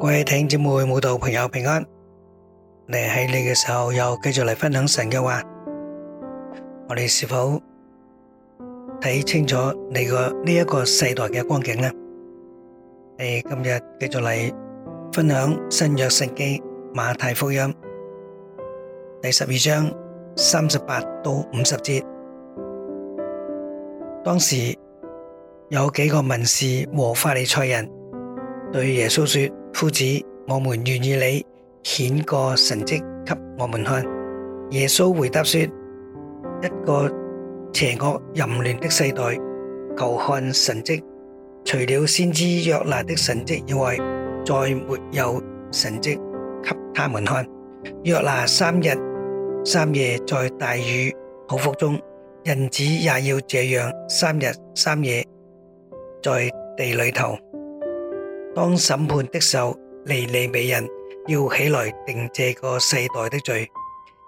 各位弟兄姊妹、信徒朋友平安。你喺呢個時候又繼續嚟分享神嘅話，我哋是否睇清楚你個呢一個世代嘅光景呢？你今日繼續嚟分享新約聖經馬太福音第十二章三十八到五十節。當時有幾個文士和法利賽人對耶穌說。夫子，我們願意你顯個神迹給我們看。耶穌回答說：一個邪惡淫亂的世代，求看神迹，除了先知約拿的神迹以外，再沒有神迹給他們看。約拿三日三夜在大魚肚腹中，人子也要這樣三日三夜在地裏頭。當審判的時候，尼尼微人要起來定這個世代的罪，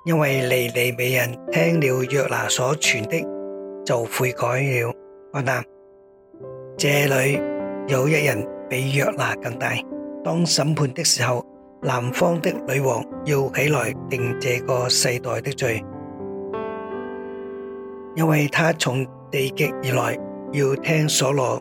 因為尼尼微人聽了約拿所傳的，就悔改了。我諗這裏有一人比約拿更大，當審判的時候，南方的女王要起來定這個世代的罪，因為他從地極而來，要聽所羅。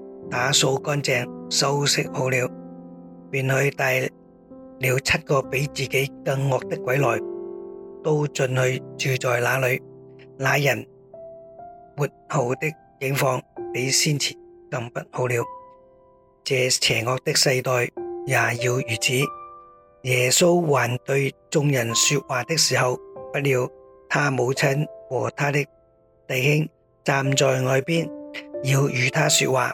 打掃乾淨，收拾好了，便去帶了七個比自己更惡的鬼來，都進去住在那裏。那人末後的境況比先前更不好了。這邪惡的世代也要如此。耶穌還對眾人說話的時候，不料他母親和他的弟兄站在外邊，要與他說話。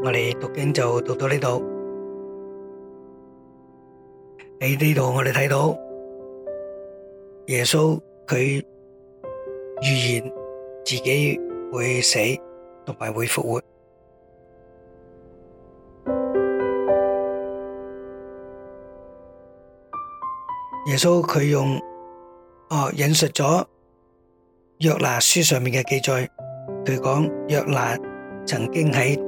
我哋讀經就讀到呢度，喺呢度我哋睇到耶穌佢預言自己會死同埋會復活。耶穌佢用哦引述咗約拿書上面嘅記載，佢講約拿曾經喺。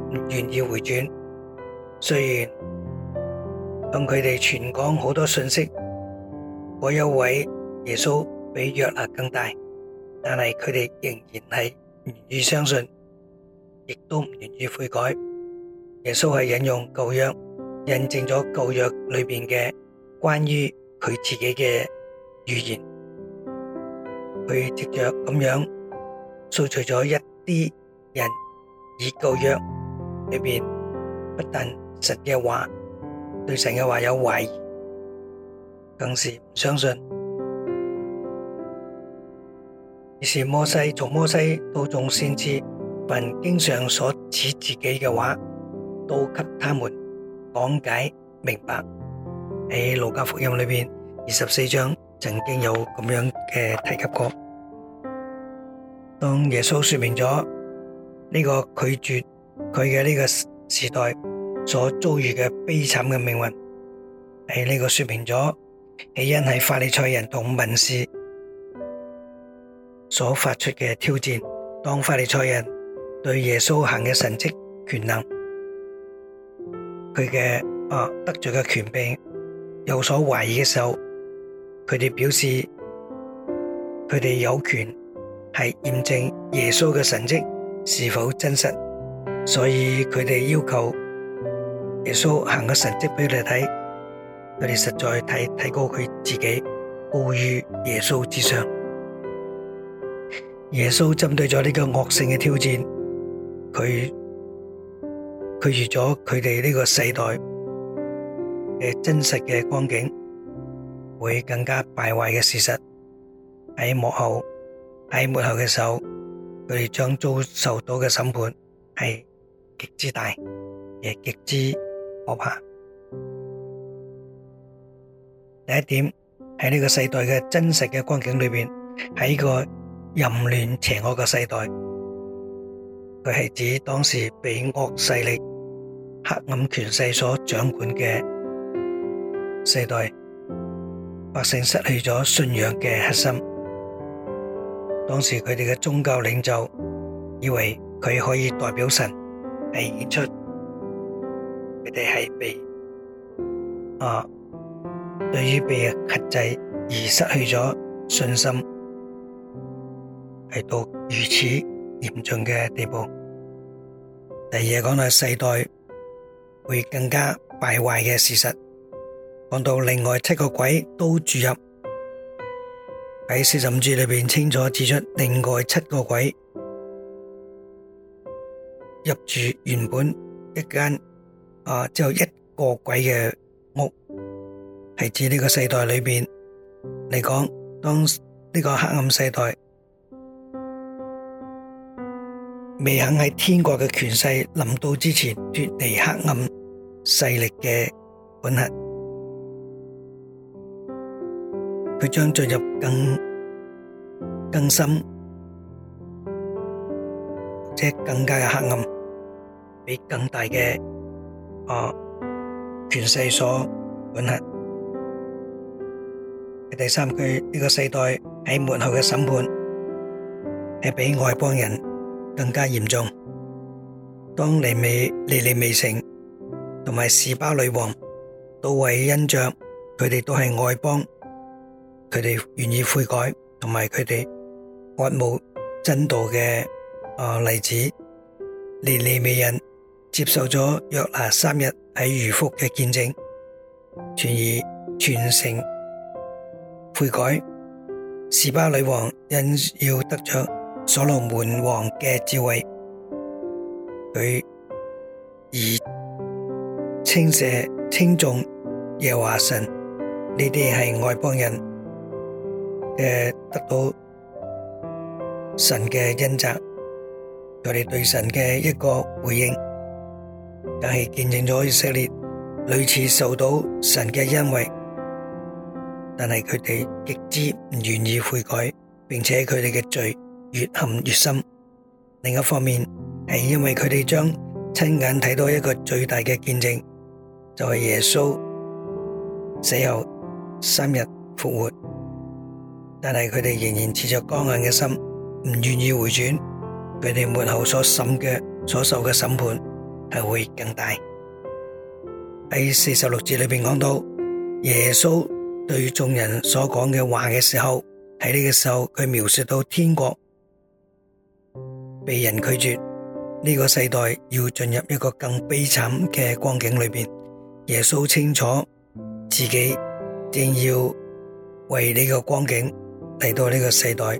唔願意回轉，雖然向佢哋傳講好多信息，有一位耶穌比約拿更大，但係佢哋仍然係唔願意相信，亦都唔願意悔改。耶穌係引用舊約，印證咗舊約裏邊嘅關於佢自己嘅預言，佢接着咁樣掃除咗一啲人以舊約。裏邊不但神嘅話對神嘅話有懷疑，更是唔相信。於是摩西從摩西到眾先知，凡經常所指自己嘅話，都給他們講解明白。喺路加福音裏邊，二十四章曾經有咁樣嘅提及過。當耶穌說明咗呢個拒絕。佢嘅呢個時代所遭遇嘅悲慘嘅命運，喺呢個說明咗起因係法利賽人同文士所發出嘅挑戰。當法利賽人對耶穌行嘅神蹟權能，佢嘅啊得罪嘅權柄有所懷疑嘅時候，佢哋表示佢哋有權係驗證耶穌嘅神蹟是否真實。所以佢哋要求耶穌行個神蹟俾佢哋睇，佢哋實在提提高佢自己，高於耶穌之上。耶穌針對咗呢個惡性嘅挑戰，佢佢拒絕咗佢哋呢個世代嘅真實嘅光景會更加敗壞嘅事實。喺幕後，喺幕後嘅時候，佢哋將遭受到嘅審判係。極之大，亦極之可怕。第一點，喺呢個世代嘅真實嘅光景裏面，喺個淫亂邪惡嘅世代，佢係指當時被惡勢力、黑暗權勢所掌管嘅世代，百姓失去咗信仰嘅核心。當時佢哋嘅宗教領袖以為佢可以代表神。係演出，佢哋係被啊，對於被克制而失去咗信心，係到如此嚴重嘅地步。第二講到世代會更加敗壞嘅事實，講到另外七個鬼都注入喺，四十五節裏面清楚指出另外七個鬼，入住原本一間啊，就一個鬼嘅屋，係指呢個世代裏邊嚟講，當呢個黑暗世代未肯喺天國嘅權勢臨到之前，脫離黑暗勢力嘅管轄，佢將進入更更深。啲更加嘅黑暗，俾更大嘅啊，權勢所管轄。第三，佢呢個世代喺末後嘅審判，係比外邦人更加嚴重。當尼尼微，尼尼微城同埋示巴女王都為恩着，佢哋都係外邦，佢哋願意悔改，同埋佢哋愛慕真道嘅。啊！例子，尼尼微人接受咗約拿三日喺魚腹嘅見證，從而全城悔改；示巴女王因要得咗所羅門王嘅智慧，佢而稱謝稱頌耶和華神。呢啲係外邦人嘅得到神嘅恩澤。佢哋對神嘅一個回應，但係見證咗以色列屢次受到神嘅恩惠，但係佢哋極之唔願意悔改，並且佢哋嘅罪越陷越深。另一方面係因為佢哋將親眼睇到一個最大嘅見證，就係耶穌死後三日復活，但係佢哋仍然持着剛硬嘅心，唔願意回轉。佢哋幕後所審嘅、所受嘅審判係會更大。喺四十六節裏邊講到，耶穌對眾人所講嘅話嘅時候，喺呢個時候佢描述到天國被人拒絕，呢個世代要進入一個更悲慘嘅光景裏邊。耶穌清楚自己正要為呢個光景嚟到呢個世代。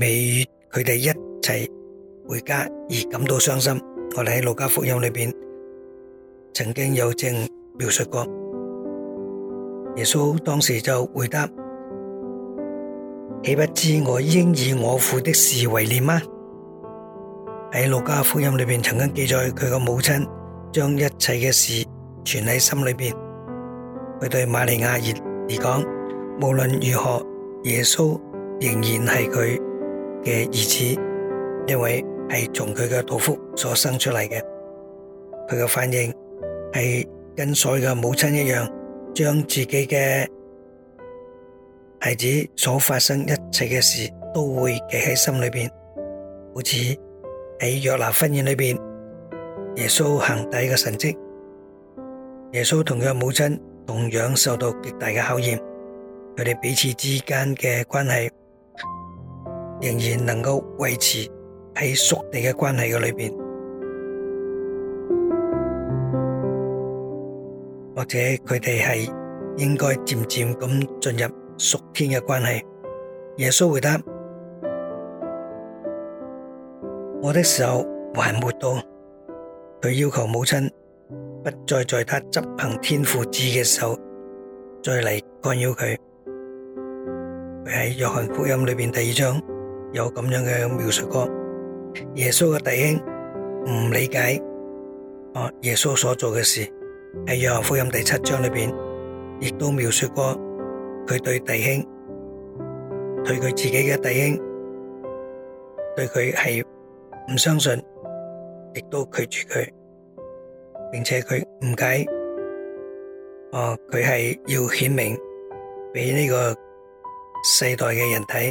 未與佢哋一齊回家而感到傷心。我哋喺路加福音裏邊曾經有證描述過，耶穌當時就回答，豈不知我應以我父的事為念嗎？喺路加福音裏邊曾經記載，佢個母親將一切嘅事存喺心裏邊，佢對瑪利亞而嚟講，無論如何，耶穌仍然係佢嘅兒子，因為係從佢嘅肚腹所生出嚟嘅，佢嘅反應係跟所有嘅母親一樣，將自己嘅孩子所發生一切嘅事都會記喺心裏邊。好似喺約拿婚宴裏邊，耶穌行第二個神蹟，耶穌同佢嘅母親同樣受到極大嘅考驗，佢哋彼此之間嘅關係。仍然能夠維持喺屬地嘅關係嘅裏邊，或者佢哋係應該漸漸咁進入屬天嘅關係。耶穌回答：我的時候還沒到。佢要求母親不再在他執行天父旨嘅時候，再嚟干擾佢。佢喺約翰福音裏邊第二章。有咁樣嘅描述過，耶穌嘅弟兄唔理解啊，耶穌所做嘅事喺約翰福音第七章裏邊，亦都描述過佢對弟兄，對佢自己嘅弟兄，對佢係唔相信，亦都拒絕佢，並且佢誤解啊，佢係要顯明俾呢個世代嘅人睇。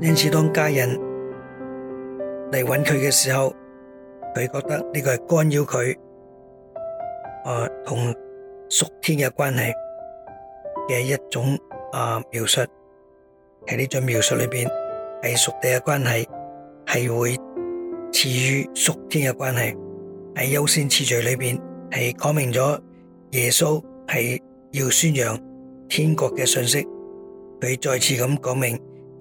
因此，當家人嚟搵佢嘅時候，佢覺得呢個係干擾佢，誒同屬天嘅關係嘅一種啊描述。喺呢種描述裏邊，係屬地嘅關係係會次於屬天嘅關係，喺優先次序裏邊係講明咗耶穌係要宣揚天國嘅信息。佢再次咁講明。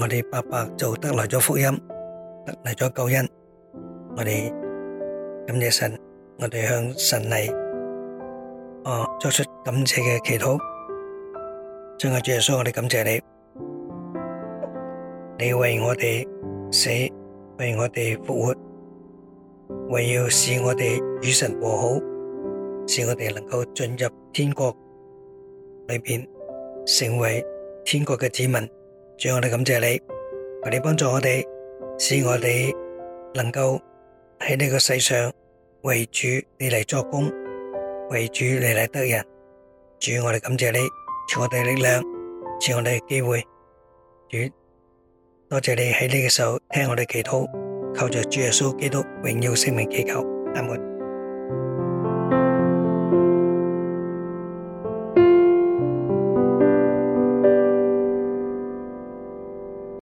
我哋白白就得嚟咗福音，得嚟咗救恩。我哋感謝神，我哋向神嚟啊作出感謝嘅祈禱。親愛主耶穌，我哋感謝你，你為我哋死，為我哋復活，為要使我哋與神和好，使我哋能夠進入天國裏邊，成為天國嘅子民。主，我哋感謝你，求你幫助我哋，使我哋能夠喺呢個世上為主你嚟作工，為主你嚟得人。主，我哋感謝你，賜我哋力量，賜我哋嘅機會。主，多謝你喺呢個時候聽我哋祈禱，靠着主耶穌基督榮耀聖名祈求，阿門。